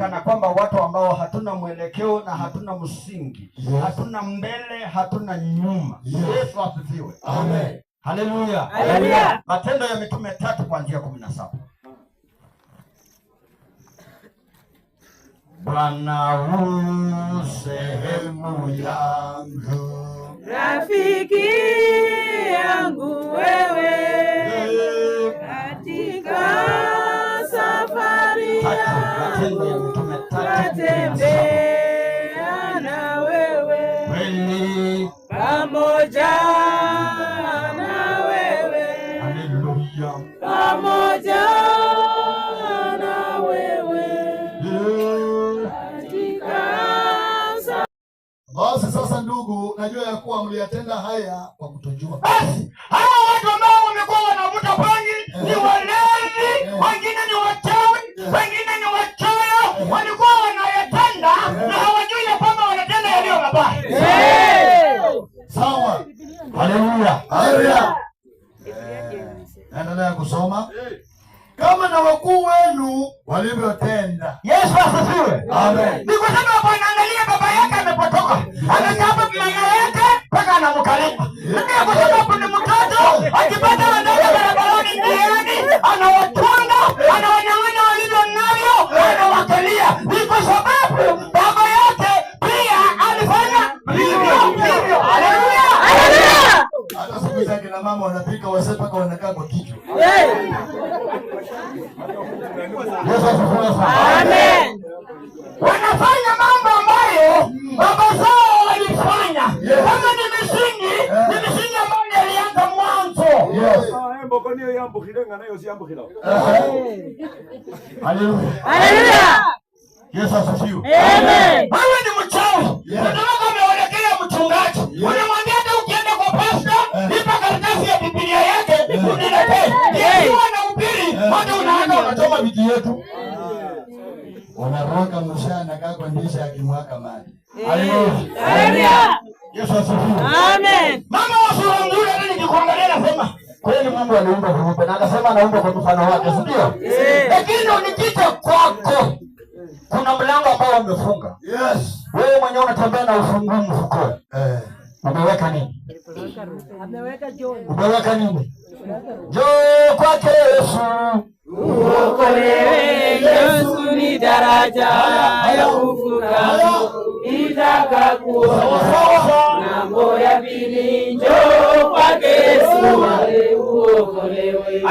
Kana kwamba watu ambao hatuna mwelekeo na hatuna msingi yes. Hatuna mbele, hatuna nyuma yes. Yesu asifiwe, amen, haleluya. Haleluya. Matendo ya Mitume tatu kuanzia kumi na saba. Bwana hu sehemu yangu rafiki na wewe kweli pamoja na wewe haleluya pamoja na wewe basi sasa ndugu najua ya kuwa mliyatenda haya kwa kutojua basi eh, hawa watu ambao wamekuwa wanavuta bangi Haleluya! Haleluya. Endelea kusoma kama na wakuu wenu walivyotenda. Yesu asifiwe. Amen. Ni kwa sababu anaangalia baba yake kina mama wanapika wazee mpaka wanakaa kwa kichwa. Yesu asifiwe sana. Amen. Wanafanya mambo ambayo baba zao walifanya. Kama ni misingi, ni eh. misingi ambayo ilianza mwanzo. Yes. Ah, eh, eh. Haleluya. Yesu asifiwe. Amen. Wewe ni mchawi. miji yetu wanaroka mshana kaa kwa ndisha akimwaka maji. Haleluya, Yesu asifiwe, amen. Mama wa sura nini hata nikikuangalia kweli Mungu aliumba viumbe na akasema anaumba kwa mfano wake, si ndio? Lakini unikite kwako, kuna mlango ambao umefunga. Yes, wewe mwenyewe unatembea na ufunguo mfukoni, eh, umeweka nini? Umeweka nini? Joo kwake Yesu uokolewe. Yesu ni daraja ya kuvuka itakakuoa ng'ambo ya pili. Njoo kwake Yesu uokolewe.